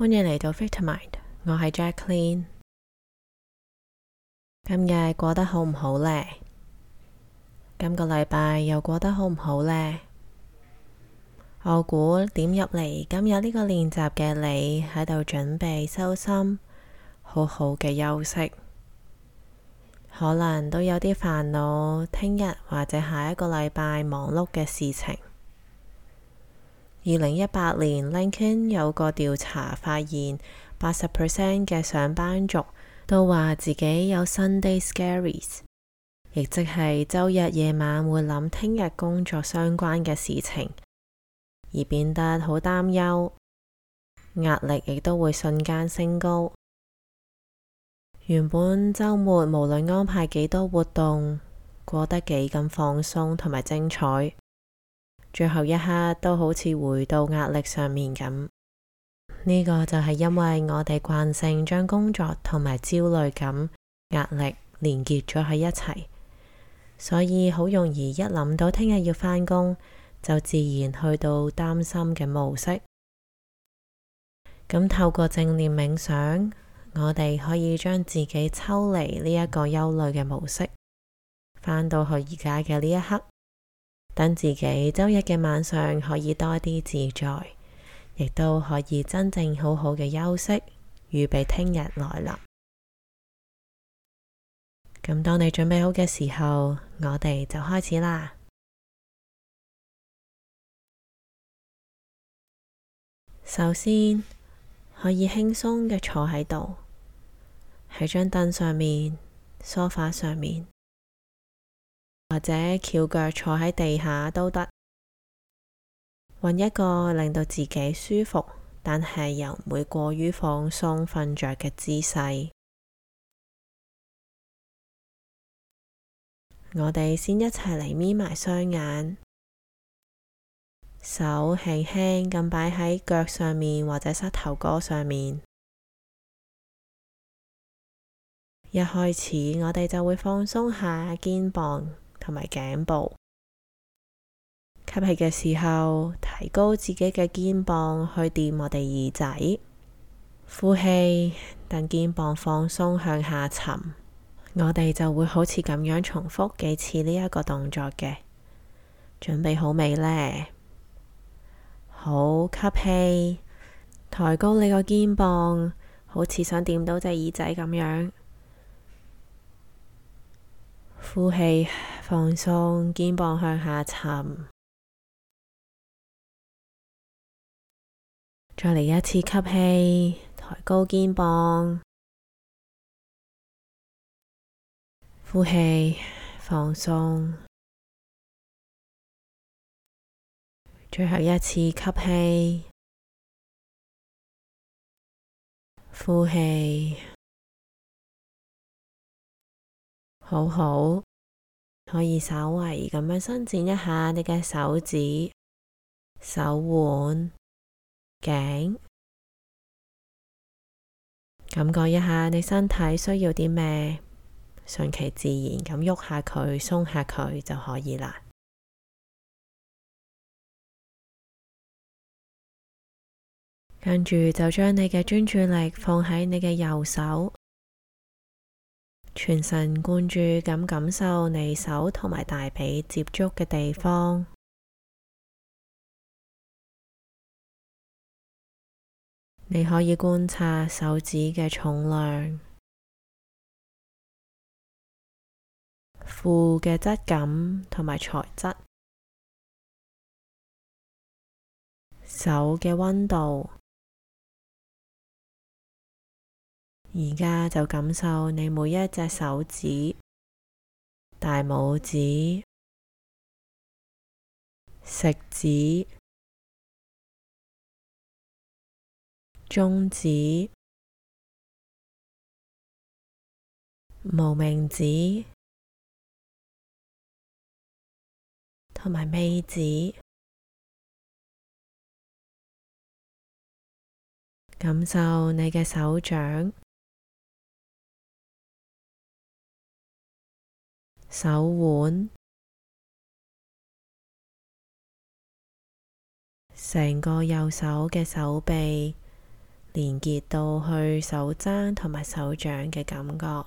歡迎嚟到 Vitamind，我係 Jacklyn。今日過得好唔好咧？今個禮拜又過得好唔好咧？我估點入嚟今日呢個練習嘅你喺度準備收心，好好嘅休息，可能都有啲煩惱，聽日或者下一個禮拜忙碌嘅事情。二零一八年 LinkedIn 有個調查發現，八十 percent 嘅上班族都話自己有 Sunday Scaries，亦即係周日夜晚會諗聽日工作相關嘅事情，而變得好擔憂，壓力亦都會瞬間升高。原本週末無論安排幾多活動，過得幾咁放鬆同埋精彩。最後一刻都好似回到壓力上面咁，呢個就係因為我哋慣性將工作同埋焦慮感、壓力連結咗喺一齊，所以好容易一諗到聽日要返工，就自然去到擔心嘅模式。咁透過正念冥想，我哋可以將自己抽離呢一個憂慮嘅模式，返到去而家嘅呢一刻。等自己周日嘅晚上可以多啲自在，亦都可以真正好好嘅休息，預備聽日來啦。咁當你準備好嘅時候，我哋就開始啦。首先，可以輕鬆嘅坐喺度，喺張凳上面、梳化上面。或者翹腳坐喺地下都得，搵一個令到自己舒服，但係又唔會過於放鬆瞓着嘅姿勢。我哋先一齊嚟眯埋雙眼，手輕輕咁擺喺腳上面或者膝頭哥上面。一開始我哋就會放鬆下肩膀。同埋頸部，吸氣嘅時候，提高自己嘅肩膀去掂我哋耳仔。呼氣，等肩膀放鬆向下沉，我哋就會好似咁樣重複幾次呢一個動作嘅。準備好未呢？好，吸氣，抬高你個肩膀，好似想掂到隻耳仔咁樣。呼氣。放鬆，肩膀向下沉。再嚟一次吸氣，抬高肩膀。呼氣，放鬆。最後一次吸氣，呼氣。好好。可以稍微咁樣伸展一下你嘅手指、手腕、頸，感覺一下你身體需要啲咩，順其自然咁喐下佢、鬆下佢就可以喇。跟住就將你嘅專注力放喺你嘅右手。全神貫注咁感，感受你手同埋大髀接觸嘅地方，你可以觀察手指嘅重量、褲嘅質感同埋材質、手嘅溫度。而家就感受你每一隻手指，大拇指、食指、中指、無名指同埋尾指，感受你嘅手掌。手腕，成個右手嘅手臂連結到去手踭、同埋手掌嘅感覺。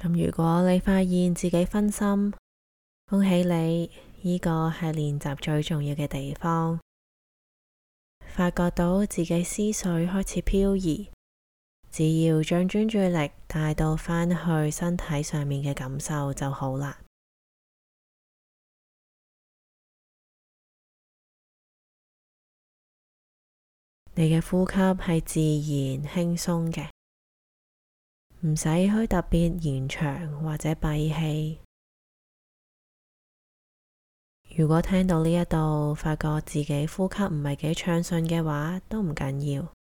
咁如果你發現自己分心，恭喜你，呢個係練習最重要嘅地方。發覺到自己思緒開始飄移。只要將專注力帶到翻去身體上面嘅感受就好啦。你嘅呼吸係自然輕鬆嘅，唔使去特別延長或者閉氣。如果聽到呢一度發覺自己呼吸唔係幾暢順嘅話，都唔緊要。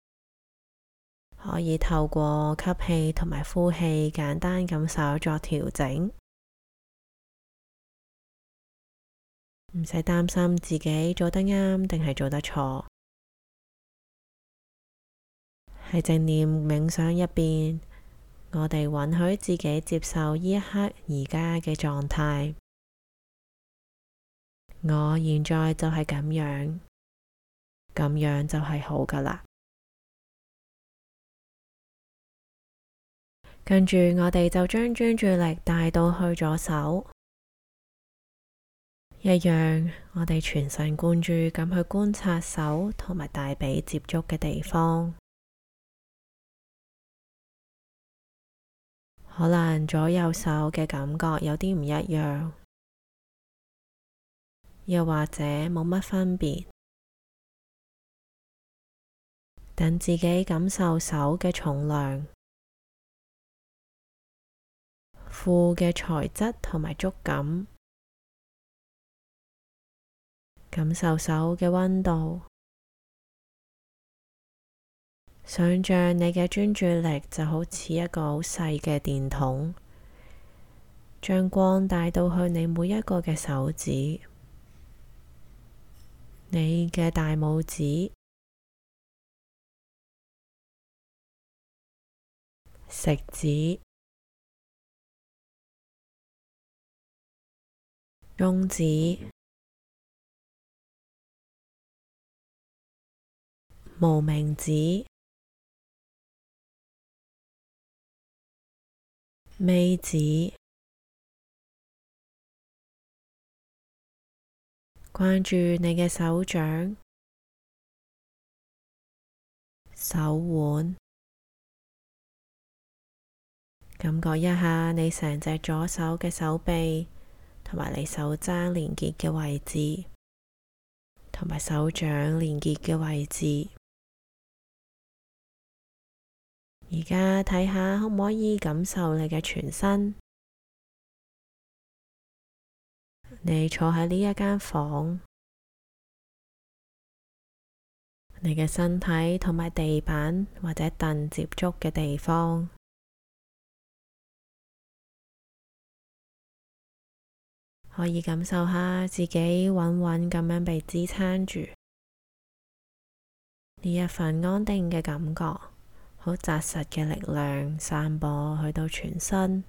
可以透過吸氣同埋呼氣，簡單咁稍作調整，唔使擔心自己做得啱定係做得錯。喺正念冥想入邊，我哋允許自己接受呢一刻而家嘅狀態。我現在就係咁樣，咁樣就係好㗎喇。跟住，我哋就將專注力帶到去左手，一樣，我哋全神貫注咁去觀察手同埋大髀接觸嘅地方。可能左右手嘅感覺有啲唔一樣，又或者冇乜分別，等自己感受手嘅重量。褲嘅材質同埋觸感，感受手嘅溫度，想象你嘅專注力就好似一個好細嘅電筒，將光帶到去你每一個嘅手指，你嘅大拇指、食指，中指、無名指、尾指，關注你嘅手掌、手腕，感覺一下你成隻左手嘅手臂。同埋你手踭連結嘅位置，同埋手掌連結嘅位置。而家睇下可唔可以感受你嘅全身。你坐喺呢一間房，你嘅身體同埋地板或者凳接觸嘅地方。可以感受下自己穩穩咁樣被支撐住，呢一份安定嘅感覺，好紮實嘅力量散播去到全身。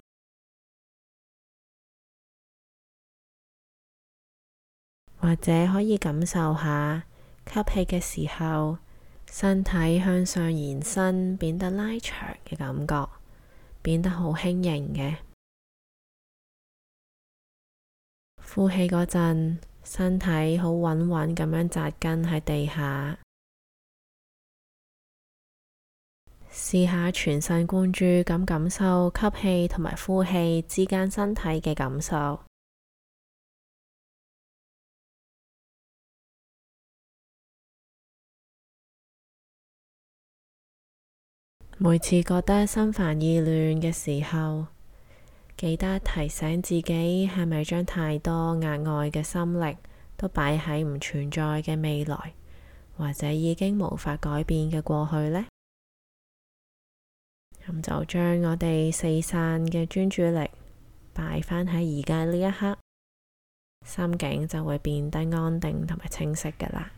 或者可以感受下吸氣嘅時候，身體向上延伸，變得拉長嘅感覺，變得好輕盈嘅。呼氣嗰陣，身體好穩穩咁樣扎根喺地下，試下 全神貫注咁感受吸氣同埋呼氣之間身體嘅感受。 每次覺得心煩意亂嘅時候，記得提醒自己，係咪將太多額外嘅心力都擺喺唔存在嘅未來，或者已經無法改變嘅過去呢？咁就將我哋四散嘅專注力擺返喺而家呢一刻，心境就會變得安定同埋清晰㗎啦。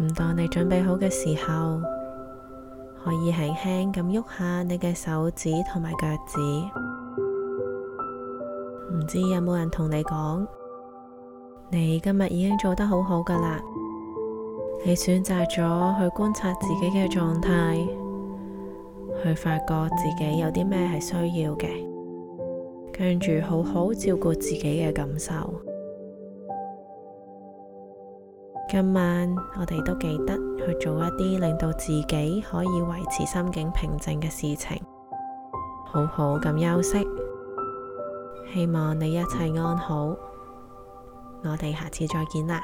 唔當你準備好嘅時候。可以輕輕咁喐下你嘅手指同埋腳趾，唔知有冇人同你講，你今日已經做得好好㗎喇。你選擇咗去觀察自己嘅狀態，去發覺自己有啲咩係需要嘅，跟住好好照顧自己嘅感受。今晚我哋都記得去做一啲令到自己可以維持心境平靜嘅事情，好好咁休息。希望你一切安好，我哋下次再見啦。